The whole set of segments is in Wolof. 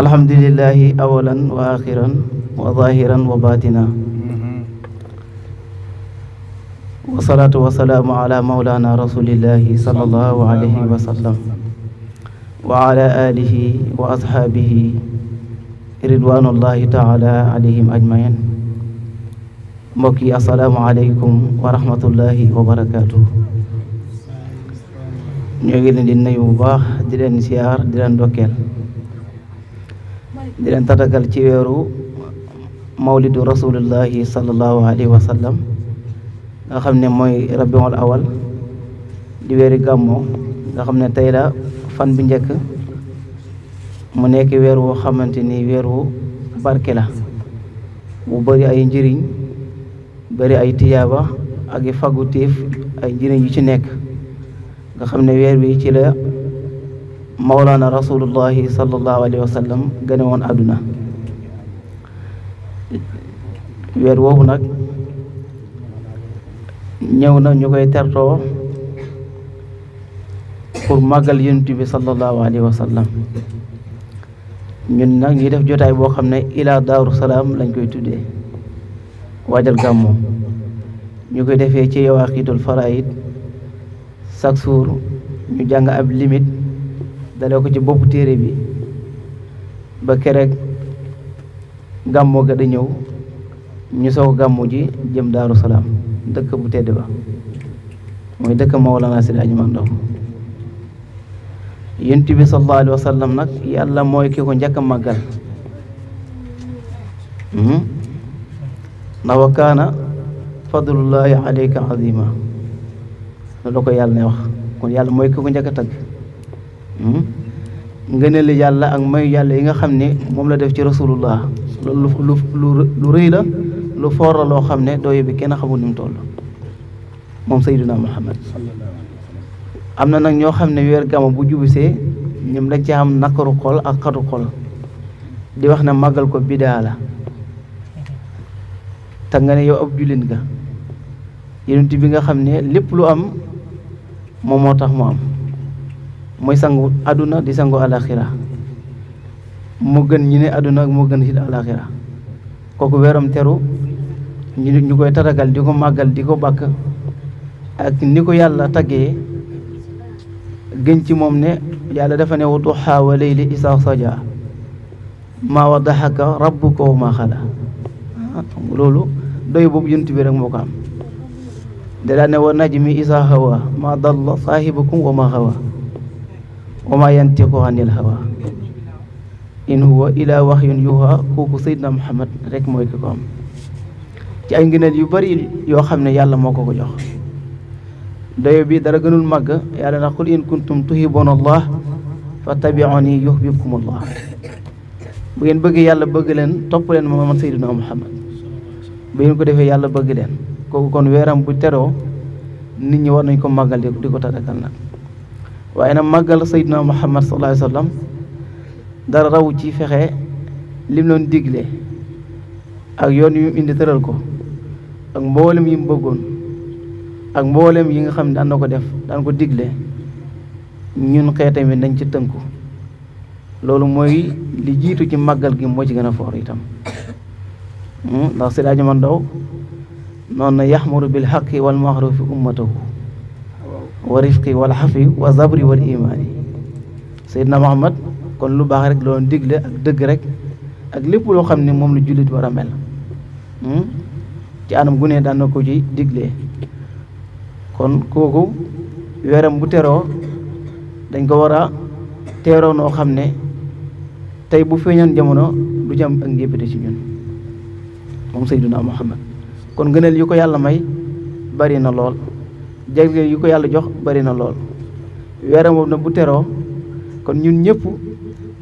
الحمد لله أولا وآخرا وظاهرا وباطنا وصلاة وسلام على مولانا رسول الله صلى الله عليه وسلم وعلى آله وأصحابه رضوان الله تعالى عليهم أجمعين مكي السلام عليكم ورحمة الله وبركاته نيغي لين نيو باخ دي لين سيار دي لين دوكل di leen tatagal ci weeru mawlidu rasulillahi sallallahu alayhi wa sallam nga xam ne mooy awal di weeri gàmmoo nga xam ne la fan bi njëkk mu nekk weer woo xamante ni barke la bu bëri ay njëriñ bëri ay tiyaaba ak i faggu ay njëriñ yu ci nekk nga xam ne weer ci la mawlaana rasulullahi sallallahu alayhi wa sallam gane woon àdduna weer woowu nag ñëw na ñu koy tertoo pour màggal yonent bi sallallahu alayhi wa ñun nag ñuy def jotaay boo xam ne ilaa daaru salaam lañ koy tuddee waajal gàmmu ñu koy defee ci yawaaqiitul faraid chaque jour ñu jàng ab limite dalee ko ci boppu téere bi ba keroog gàmmoo ga da ñëw ñu soog gàmmu ji jëm daaru salaam dëkk bu tedd ba mooy dëkk Mawlana Seydi Hadji Mandoum yonent bi sallallahu alayhi wa sallam nag yàlla mooy ki ko njëkk a màggal hmm? ndax wa kaana alayka azima loolu ko yàlla ne wax kon yàlla mooy ki ko njëkk a nga ngëneelu yàlla ak mayu yàlla yi nga xam ne moom la def ci rasulullah loolu lu lu rëy la lu foor la loo xam ne dooye bi kenn xamul ni mu toll moom sayyiduna muhammad am na nag ñoo xam ne weer gàmmu bu jubisee ñoom dañ ci am nakaru xol ak xatu xol di wax ne màggal ko bidaa la te nga ne yow ab jullit nga yonent bi nga xam ne lépp lu am moom moo tax mu am mooy sangu àdduna di sangu alaxira mu gën ñi ne àdduna ak moo gën xit alaxira kooku weeram teru ñu ñu koy tatagal di ko màggal di ko bàkk ak ni ko yàlla taggee gën ci moom ne yàlla dafa ne wa duhaa wa layli isaa saja maa wadahaka rabbuka wa maa xala loolu doy boobu yunt bi rek moo ko am da daa ne isaa hawa maa dalla saahibukum wa maa وما ينطق عن الهوى ان هو الا وحي يوحى كوكو سيدنا محمد رك موي كوم تي اي غنال يو بري يو خامني يالا مكو كو جوخ دايو بي دارا غنول ماغ يالا نقول ان كنتم تحبون الله فتبعوني يحببكم الله بوين بغي يالا بغي لين توب لين محمد سيدنا محمد بوين كو ديفه يالا بغي لين كوكو كون ويرام بو تيرو نيت ني وار نكو ماغال ديكو تاتا كان وأنا مجال سيدنا محمد صلى الله عليه وسلم دار راو جي فخه لم لون ديغلي اك يون يم اندي ترال كو اك مبولم يم بغون اك مبولم ييغا خامن دان نكو ديف دان كو ديغلي نيون خيتامي نانتي تنكو لول موي لي جيتو جي مغال جي موتي غنا فور ايتام ام دا سيدا جي مان داو نون يحمر بالحق والمعروف امته wa rifqi wal xafi war zabri wal imaani Seydina Muhammad kon lu baax rek loon digle ak dëgg rek ak lépp loo xam ne moom lu jullit war a mel hmm? ci anam gu ne daan na ko ci digle kon kooku weeram bu teroo dañ ko war a teero noo xam ne tey bu feeñaan jamono lu jam am ak njéppite ci ñun moom Seydina Muhammad kon ngëneel yu ko yàlla may bari na lool jagleel yu ko yàlla jox bari na lool weeram na bu teroo kon ñun ñëpp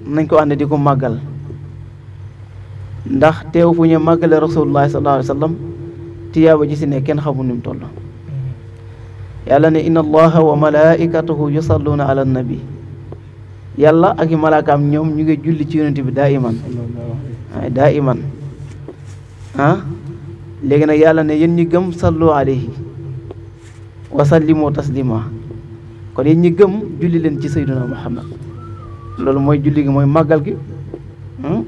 nañ ko ànd di ko màggal ndax teew fu ñu màggale rasulullah sallallahu alayhi wa tiyaaba ji si ne kenn xamul ni mu toll yàlla ne inna allaha wa malaikatahu yusalluuna ala nabi yàlla ak i malaakaam ñoom ñu ngi julli ci yonent bi daa iman daa iman ah? léegi nag yàlla ne yéen ñi gëm sallu alayhi lii moo taslima kon yéen ñi gëm julli leen ci sayyiduna muhammad loolu mooy julli gi mooy màggal gi hmm?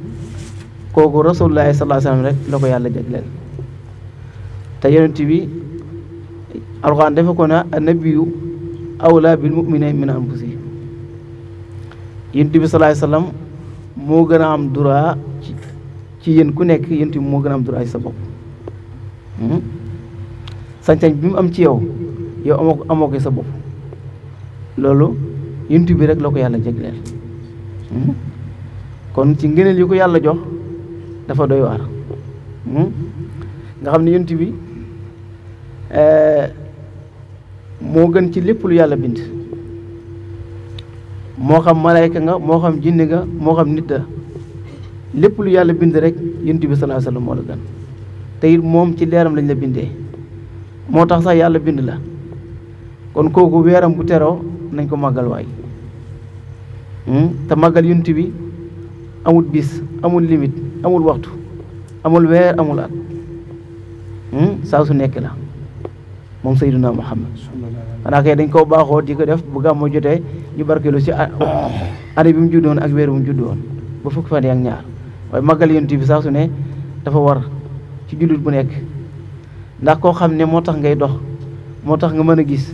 kooku rasulullahi sallallahu alayhi wasallam rek la ko yàlla jagleel te yonent bi alxuraan dafa ko ne annabiyu awla bil mu'minina min anfusihim yonent bi sallallahu alayhi moo gën a am droit ci ci yéen ku nekk yonent moo gën a am droit ci sa bopp hmm? sañ-sañ bi mu am ci yow yow amoo amoo ko sa bopp loolu yonent bi rek la ko yàlla jagleel hmm? kon ci ngëneel yi ko yàlla jox dafa doy waar hmm? nga xam ne yonent bi eh, moo gën ci lépp lu yàlla bind moo xam malayka nga moo xam jinne nga moo xam nit da lépp lu yàlla bind rek yonent bi sallallahu alayhi wasallam moo la gën te moom ci leeram lañ la bindee moo tax sax yàlla bind la kon kooku wéram bu téro nañ ko way hmm ta magal yunt bi amul bis amul limit, amul waxtu amul wér amul at hmm? sa su nek la mom sayyiduna muhammad ana kay dañ ko baxo diko ko def bu gàmmu jotté ñu barkeelu ci année ah, oh, bi mu juddoon ak wér bu mu juddoon ba fukki fan ak ñaar way magal yonent bi sa su ne dafa war ci jullit bu nek ndax ko xam motax ngay dox motax nga gis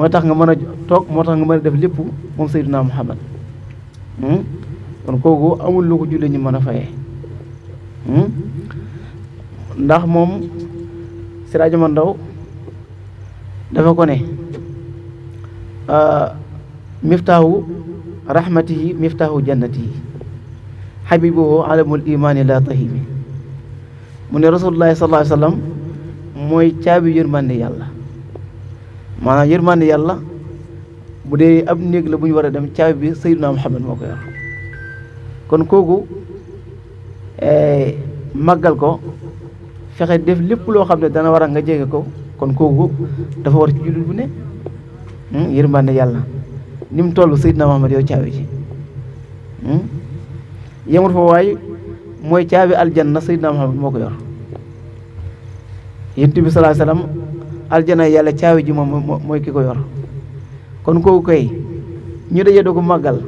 moo tax nga mën a toog moo tax nga mën a def lépp moom Seydina Muhammad hmm? kon kooku amul lu ko julli ñu mën a fayee hmm? ndax moom Siraj Omar Ndaw dafa ko ne ah, miftaahu rahmatihi miftaahu jannatihi xabibuhu alamul imaani la tahimi mu ne rasulullahi sallallahu alayhi wa sallam mooy caabi yërmande yàlla maanaam yërmande yàlla bu dee ab néeg la buñ war a dem caabi bi Sayyiduna Muhammad moo ko yor kon kooku eh, màggal ko fexe def lépp loo xam ne dana war a nga jege ko kon kooku dafa war ci jullit bu ne hmm, yërmande yàlla ni mu toll Sayyiduna Muhammad yow caabi ji hmm? yemul fa waaye mooy caabi aljanna Sayyiduna Muhammad moo ko yor yonent bi sallallahu alayhi aljana yàlla caawi ji moom mooy ki ko yor kon kooku kay ñu daje da ko màggal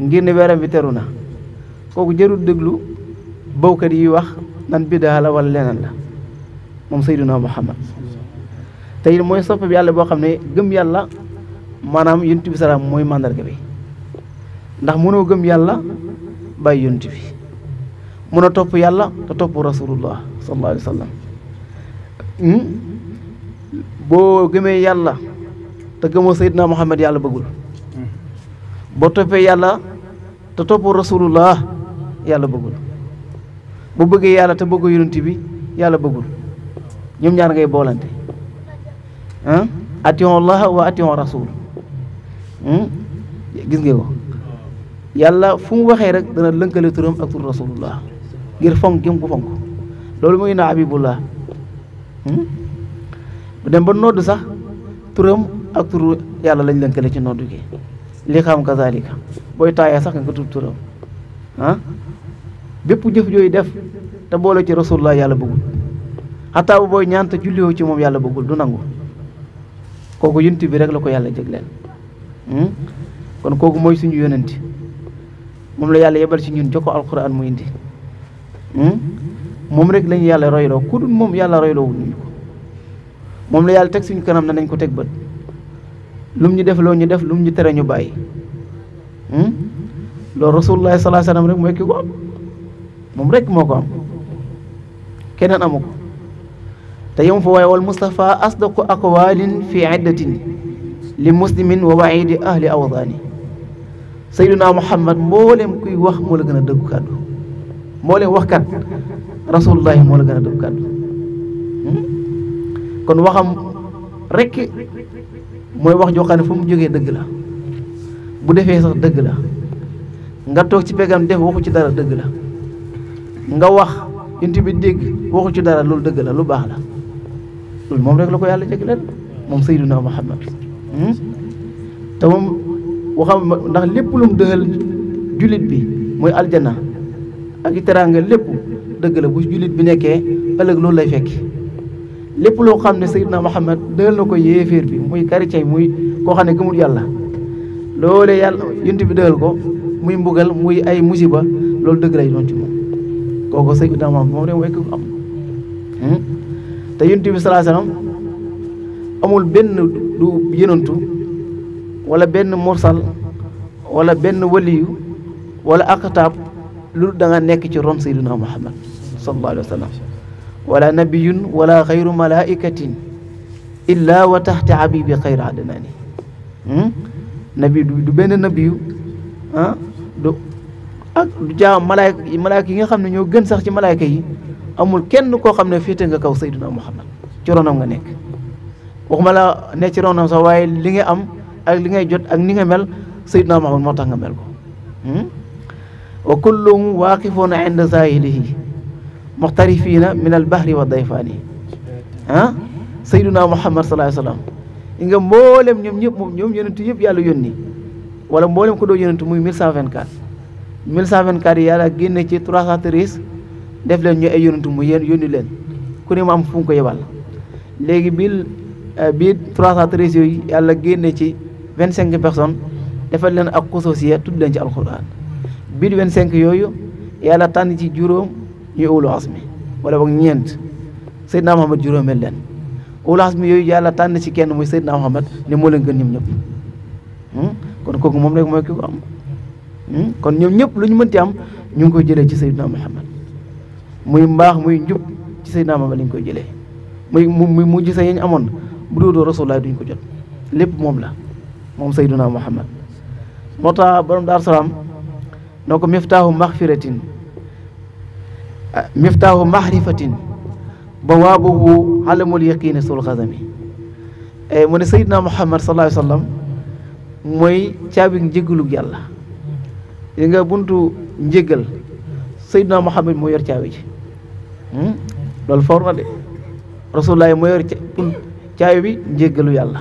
ngir ne weeram bi teru na kooku jërul déglu bawkat yi wax nan biddaa la wala leneen la moom sayduna muhammad te mooy sopp bi yàlla boo xam ne gëm yàlla maanaam yunt bi salaam mooy màndarga bi ndax mënoo gëm yàlla bàyyi yunt bi mën a topp yàlla te topp rasulullah sallallahu alayhi wa sallam hmm? boo gëmee yàlla te gëmoo Seydina Muhammad yàlla bëggul boo toppee yàlla te toppoo rasulullah yàlla bëggul bu bëggee yàlla te bëggoo yonent bi yàlla bëggul ñoom ñaar ngay boolante ation allah wa ation gis nga ko yàlla fu mu waxee rek dana lënkale turam ak tur rasulullah ngir fonk gi mu fonk loolu mooy na abibullah bu dem ba nodd sax turam ak turu yàlla lañ lënkale ci nodd gi li xam booy taayee sax nga ko tudd turam ah? bépp jëf jooyu def te boole ci rasulullah yàlla bëggul xataa bu booy ñaan te julliwoo ci moom yàlla bëggul du nangu kooku yunt bi rek la ko yàlla jëgleel hmm? kon kooku mooy suñu yonent moom la yàlla yebal ci ñun joko alquran mu indi hmm? moom rek lañu yàlla royloo ku dul moom yàlla royloo wuñu moom la yàlla teg suñu kanam na nañ ko teg bët lum ñu def loo ñu def lum ñu tere ñu bàyyi hmm? loolu rasulullah sallallahu alayhi rek mooy ki ko am moom rek moo ko am keneen amu ko te yom fa waaye wal Mustafa asdaqu aqwalin fi iddatin li muslimin wa waidi ahli awdaani sayduna muhammad mbooleem kuy wax moo la gën a dëggu kàddu mbooleem waxkat rasulullah moo la gën a dëggu kàddu hmm? kon waxam rekk mooy wax joo xam ne fu mu jógee dëgg la bu defee sax dëgg la nga toog ci pegam def waxu ci dara dëgg la nga wax inti bi dégg waxu ci dara loolu dëgg la lu baax la loolu moom rek la ko yàlla jagleel moom Seydina Muhammad hmm? te moom waxam ndax lépp lu mu dëgal jullit bi mooy aljana ak i teraanga lépp dëgg la bu jullit bi nekkee ëllëg loolu lay fekki lépp loo xam ne Seydina Muhammad dël na ko yéeféer bi muy chrétien muy koo xam ne gëmul yàlla loole yàlla yunt bi dël ko muy mbugal muy ay musiba loolu dëgg lay doon ci moom kooku Seydina Muhammad moom dem wekk ko am hmm? te yunt bi salaa salaam amul benn du yenantu wala benn mursal wala benn waliyu wala aqtaab lu da nekk ci ron Seydina Muhammad sallallahu alayhi ولا نبي ولا غير ملائكة إلا وتحت عبيب غير عدنان نبي du benn nabiyu ah du ak du jaam malaayka malaayka yi nga xam ne ñoo gën sax ci malaayka yi amul kenn koo xam ne féete nga kaw Seydina Muhammad ci ronam nga nekk waxuma la ne ci ronam sax waaye li nga am ak li ngay jot ak ni nga mel Seydina Muhammad moo tax nga mel ko wa kulluhum waaqifuna inda zaahilihi muxtarifiina min al bahri wa dayfaani ah sayduna muhammad sallallahu alayhi wa sallam i nga mboolem ñoom ñëpp moom ñoom yonentu yëpp yàlla yónni wala mboolem ko doo yonentu muy 1124 vingt yi yàlla génne ci 313 def leen ñu ay yonentu mu yéen yónni leen ku ne mu am fu mu ko yebal léegi bil eh, bii 313 yooyu yàlla génne ci vingt 25 personnes defal leen ak xusuusiya tudd leen ci alquran bil 25 yooyu yàlla tànn ci juróom ñuy ulu asmi wala boog ñeent Seydina Muhammad juróomeel leen ulu asmi yooyu yàlla tànn ci kenn muy Seydina Muhammad ne moo leen gën ñoom ñëpp hmm? kon kooku moom rek mooy ki ko am hmm? kon ñoom ñëpp lu ñu mënti am ñu ngi koy jëlee ci Seydina Muhammad muy mbaax muy njub ci Seydina Muhammad lañ koy jëlee muy mu mu sa yañ amoon bu dóodoo Rasulullah duñ ko jot lépp moom la moom Seydina Muhammad moo tax borom Daaru Salaam noo ko miftaahu maxfiratin miftaahu mahrifatin bawaabuhu alamul yaqiini sul xasami e, mu ne sayidna muhammad sallallahu alayhi wa sallam mooy caabi njëggalug yàlla yi nga buntu njëggal sayidna muhammad moo yor caabi ji hmm? loolu foor na de rasulullah moo yor caabi bi njëggalu yàlla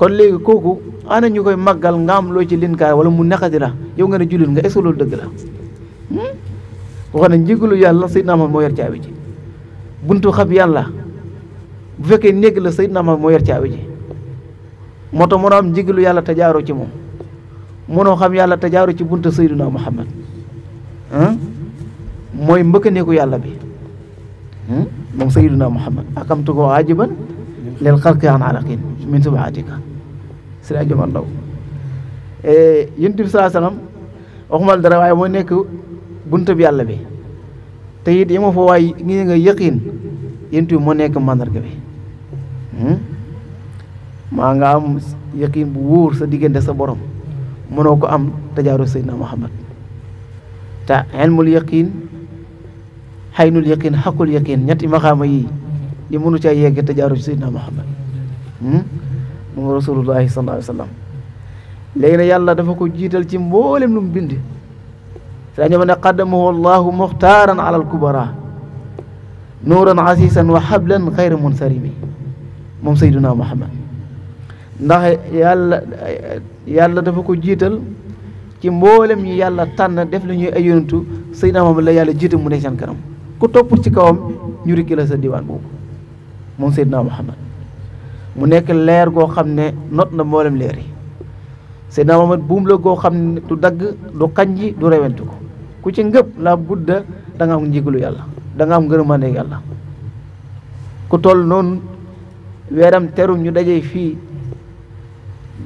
kon léegi kooku ana ñu koy màggal nga am loo ci linkaar wala mu naqati la yow nga ne jullit nga est-ce loolu dëgg la waxoon ne njëgalu yàlla Seydina Muhammad moo yor caabi ji buntu xam yàlla bu fekkee néeg la Seydina Muhammad moo yor caabi ji moo tax mënoo am yàlla te jaaroo ci moom mënoo xam yàlla te jaaroo ci buntu Seydina Muhammad mooy mbëkkaneeku yàlla bi moom Seydina Muhammad akamtu ko ajiban leel xalqi an alaqin min subaatika si la jomar ndaw eh, yonent bi salaa salaam waxumal dara waaye moo nekk buntub yàlla bi te it yema fa waay ngi nga yëqiin yéen tuuti nekk màndarga bi hmm? maa nga am yëqiin bu wóor sa diggante sa borom mënoo ko am tajaaru Seydina Muhammad te ilmul yëqiin xaynul yëqiin xaqul yëqiin ñetti maxaama yi yi mënu caa yegg tajaaru Seydina Muhammad moom rasulullahi sallallahu alayhi wa sallam ne yàlla dafa ko jiital ci mboolem lu mu bind فأنما قدمه الله مختارا على الكبراء نورا عزيزا وحبلا غير منسرم moom Seydina Muhammad ndax yàlla yàlla dafa ko jiital ci mboolem ñi yàlla tànn def la ñuy ay yonantu Seydina Muhammad la yàlla jiital mu ne seen kanam ku topp ci kawam ñu rikki la sa diwaan boobu moom Seydina Muhammad mu nekk leer goo xam ne not na mboolem leer yi Seydina Muhammad buum la goo xam ne du dagg du kanji du rewentu ko ku ci ngëpp la budda da nga am njigalu yàlla danga am ngërëmande yàlla ku toll noonu weeram teru ñu dajee fii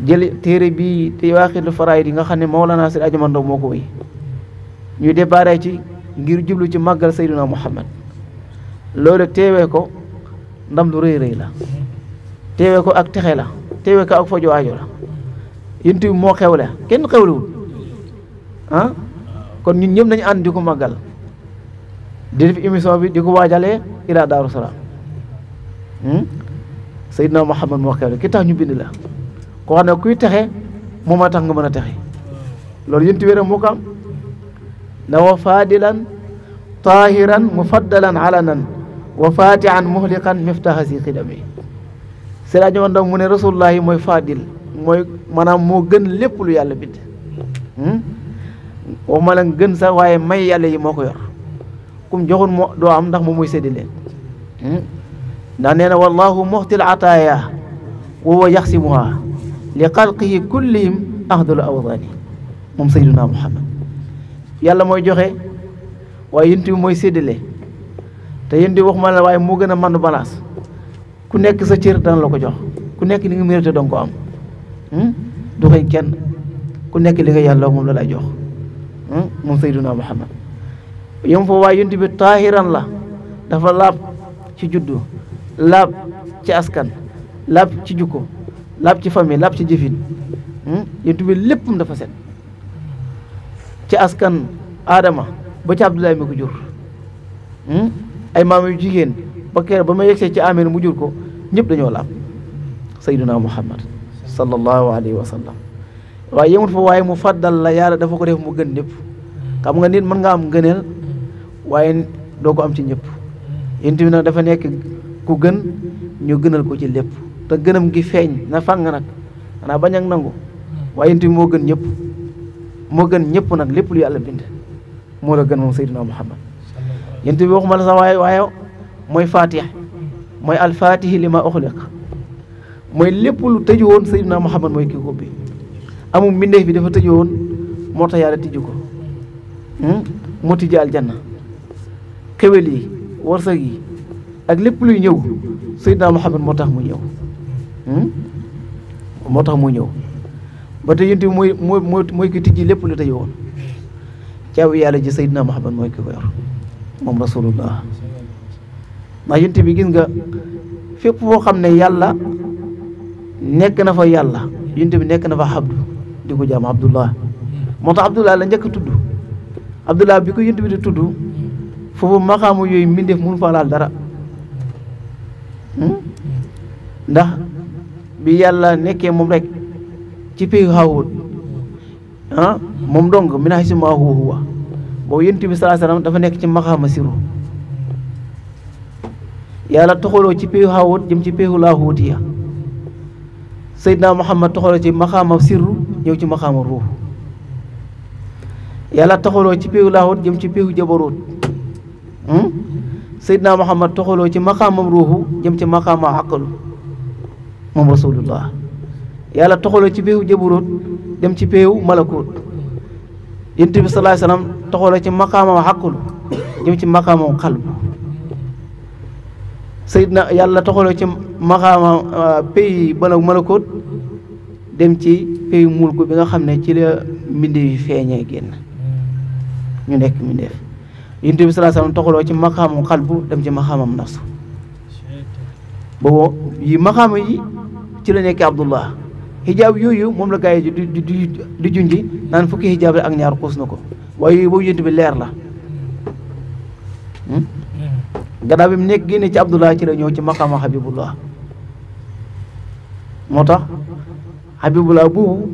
jël téere bii te waaxilu faraay yi nga xam ne Mawlana Seydi Aji Mandaw moo ko woy ñu déparé ci ngir jublu ci màggal Seydina Muhammad loolu teewee ko ndam lu rëy rëy la teewee ko ak texe la teewee ko ak fajoo aajo la yént moo xewle kenn xewlewul ah? kon ñun ñëpp nañu ànd diko magal màggal di def émission bi diko wajalé ila daru salam hmm sayyidna Muhammad mo xew ki tax ñu bind la ko xana kuy taxé mo ma tax nga mën a texe loolu yënti wéram moo na wa fadilan taahiran mufaddalan alanan wa fatihan muhliqan miftaha si xidami Seydina ñëwoon dam mu ne rasulullah yi mooy faadil mooy maanaam moo gën lépp lu yàlla bind waxuma la gën sax waaye may yàlla yi moo ko yor kum joxun moo doo am ndax moom muy séddale hmm? ndax nee na wallahu muxtil ataaya wa huwa yaxsimuha li xalqihi kullihim ahdalu awdaani moom sayduna muhammad yàlla mooy joxe waaye yent bi mooy séddale te yent bi waxuma la waaye moo gën a màndu balaas ku nekk sa cër dana la ko jox ku nekk li nga mérité danga ko am hmm? du xëy kenn ku nekk li nga yàlla moom la lay jox Hmm? moom sayduna muhammad yom fa waa yonti bi taahiran la dafa laab ci juddu laab ci askan laab ci jukko laab ci famille laab ci jëfin hmm? yonti bi léppam dafa set ci askan aadama ba ci abdoulaye mi ko jur hmm? ay maam yu jigéen ba keer ba ma yegsee ci ameen mu jur ko ñëpp dañoo laab sayduna muhammad sallallahu alayhi wa sallam waaye yemut fa waaye mu fàddal la yàlla dafa ko def mu gën ñëpp xam nga nit mën nga am gëneel waaye doo ko am ci ñëpp yonent nag dafa nekk ku gën ñu gënal ko ci lépp te gënam gi feeñ na fan nga nag xanaa bañ ak nangu waaye yonent moo gën ñëpp moo gën ñëpp nag lépp lu yàlla bind moo la gën moom Seydina Muhammad yonent bi waxuma la sax waaye waaye mooy Faatiha mooy alfaatihi li ma uxliq mooy lépp lu tëju woon Seydina Muhammad mooy kii ko bi amul mbindeef bi dafa tëjoo woon moo tax yàlla tijju ko hmm? moo tijji aljanna xéwal yi warsag yi ak lépp luy ñëw Seydina Muhammad moo tax mu ñëw hmm? moo tax mu ñëw ba tey yonent bi mooy mooy mooy ki tijji lépp lu tëjoo woon caabi yàlla ji Seydina Muhammad mooy ki ko yor moom rasulullah ndax yonent bi gis nga fépp foo xam ne yàlla nekk na fa yàlla yonent bi nekk na fa xabdu di jam abdullah moo abdullah la njëkk tuddu abdullah bi ko yënt bi di tudd foofu maxaamu yooyu mbindeef fa laal dara hmm? ndax bi yalla nekké mom rek ci pay hawul ah mom dong min huwa bo boobu bi sallallahu alayhi wasallam dafa nekk ci maqama siru yalla toxaloo ci pay hawul jëm ci Seydina Muhammad toxaloo ci maxaama sirru ñëw ci maxaama ruux yàlla toxaloo ci péewu laahut jëm ci péewu jabarut Seydina Muhammad toxaloo ci maxaamam ruuxu jëm ci maxaama aqalu moom rasulullah yàlla toxaloo ci péewu jabarut dem ci péewu malakut yent bi salaay salaam toxaloo ci maxaamam aqalu jëm ci maxaamam xalb Seydina yàlla toxaloo ci maxaama euh, pays ba nag dem ci pays mulku bi nga xam ne ci la mbindeef feeñee génn ñu nekk mbindeef yonent bi salaa salaam toxaloo ci maxaamam xalbu dem ci maxaamam nafsu boobu yi maxaama yi ci la nekk abdullah xijaab yooyu moom la gars yi di di di junji naan fukki xijaab la ak ñaar xuus na ko waaye yooyu boobu yonent bi leer la gannaaw bi mu nekk génne ci Abdullah ci la ñëw ci maqaama Habibullah moo tax Habibullah boobu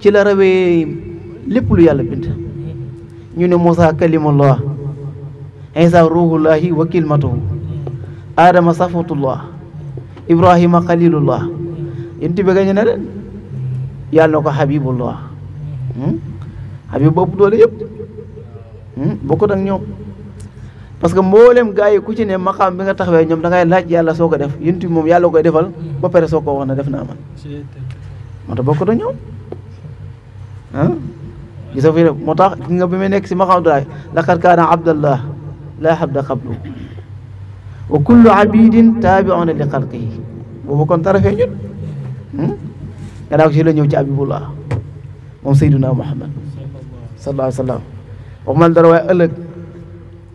ci la rawee lépp lu yàlla bind ñu ne Moussa kalimullah Isa ruhullahi wa kilmatuhu Adama safatullah Ibrahima xalilullah yéen tibbe gañe na yàlla na ko Habibullah hmm? Habib boobu doole yëpp hmm? bokk nag ñoom parce que mboolem gaa yi ku ci ne maqaam bi nga taxawee ñoom da ngay laaj yàlla soo ko def yonent bi moom yàlla koy defal ba pare soo ko wax na def naa man moo tax bokk da ñoom ah gisa nga bi may nekk si maqaam dulaay laqad kaana abdallah laa habda wa kullu abidin taabiuna li xalqihi boobu kon tara fee ñun hmm? nga daa ko la ñëw wa sallam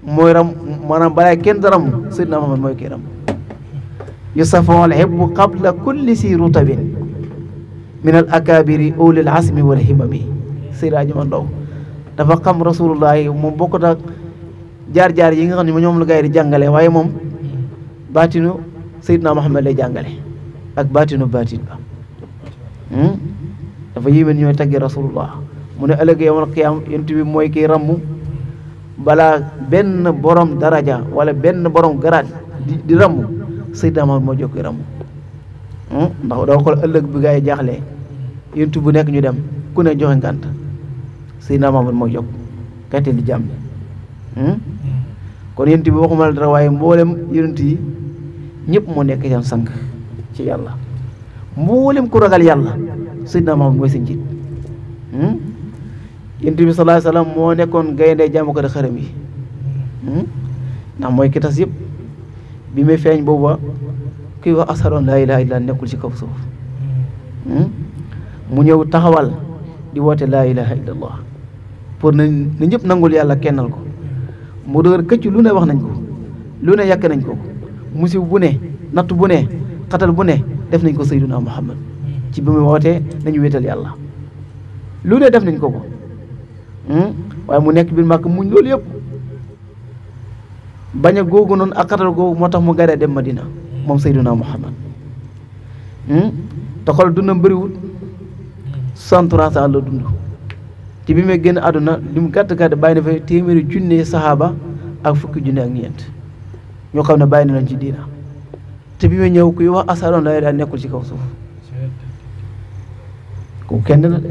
mooy ram maanaam balaa kenn daram Seydina Muhammad mooy kii ram yusafa al hibbu qabla kulli si rutabin min al akabiri ulil asmi wal himami Seydina Adjuma jaar yi nga xam ne ma ñoom la gars di jàngale waaye moom baatinu Seydina Muhammad lay jàngale ak baatinu baatin ba hmm? dafa yéeme ñooy tagge rasulullah mu ne ëllëg yawmal qiyaam mooy kii ramm balaa benn borom daraja wala benn borom garaad di di ramm Seydina Muhammad moo jokki ramm hmm? ndax doo xool ëllëg bi gaa yi jaaxle yuntu bu nekk ñu dem ku ne joxe ngànt Seydina Muhammad moo jokk kante di jàmm hmm? kon yonent bi waxuma la dara waaye mboolem yonent yi ñëpp moo nekk seen sang ci yàlla mboolem ku ragal yàlla Seydina Muhammad mooy seen njiit hmm? yonent bi sallallahu moo nekkoon gaynde jaamukat xërëm yi hmm? ndax mooy ki tas yëpp bi muy feeñ booba kuy wax ashhadu an laa ilaaha illallaah nekkul ci kaw suuf hmm? mu ñëw taxawal di woote laa ilaaha illallaah pour na na ñëpp nangul yàlla kennal ko mu dëgër këcc lu ne wax nañ ko lu ne yàkk nañ ko musib bu ne natt bu ne xatal bu ne def nañ ko sayyiduna muhammad ci bi muy wootee nañu wéetal yàlla lu ne def nañ ko ko Hmm? waaye mu nekk biir màkk muñ loolu yëpp bañ a googu noonu ak googu moo tax mu garee dem Madina moom Seydina Muhammad hmm? te xool dundam bëriwul soixante-trois ans la dund ci bi may génn àdduna li mu gàtt gàtt bàyyi na fa téeméeri junne saxaaba ak fukki junne ak ñeent ñoo xam ne bàyyi na leen ci diina te bi may ñëw kuy wax asaroon la daa nekkul ci kaw suuf kooku kenn la de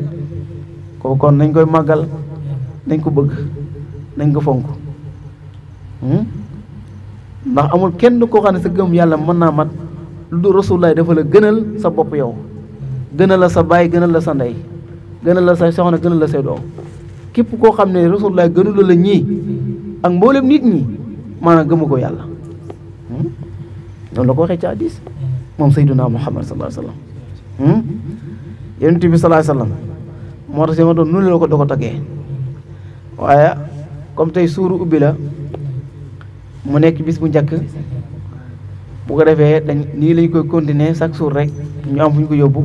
kooku kon nañ koy màggal dañ ko bëgg dañ ko fonk hmm? ndax amul kenn koo xam ne sa gëm yàlla mën naa mat lu du rasulaay dafa la gënal sa bopp yow gënal la sa baay gënal la sa ndey gënal la sa soxna gënal la sa doom képp koo xam ne rasulaay gënul la ñii ak mboolem nit ñi maanaam gëmu ko yàlla loolu hmm? la ko waxee ci hadiis moom sayyiduna Muhammad naa alayhi wasallam hmm? yonent bi sallallahu alayhi wasallam moo tax si ma doon ko da ko taggee waaye comme tey suuru ubbi la mu nekk bis bu njëkk bu ko defee dañ nii lañ koy continuer chaque jour rek ñu am fu ñu ko yóbbu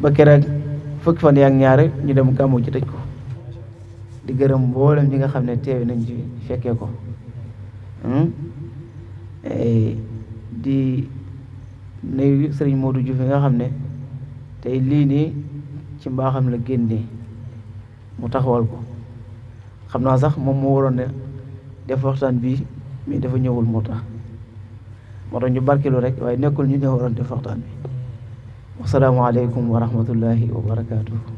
ba keroog fukki fan yaa ak ñaar ñu dem gàmmu ji tëj ko di gërëm mboolem ñi nga xam ne teew nañ ci fekkee ko hmm? eh, di nuyu sëriñ Modou Diouf nga xam ne tey lii nii ci mbaaxam la génnee mu taxawal ko xamna sax mom mo waroon ne def waxtan bi mi dafa ñëwul mota mota moo tax ñu barkeelu rek waaye nekkul ñu ñëw def waxtan bi wassalaamu alaykum wa rahmatullahi wa barakatuh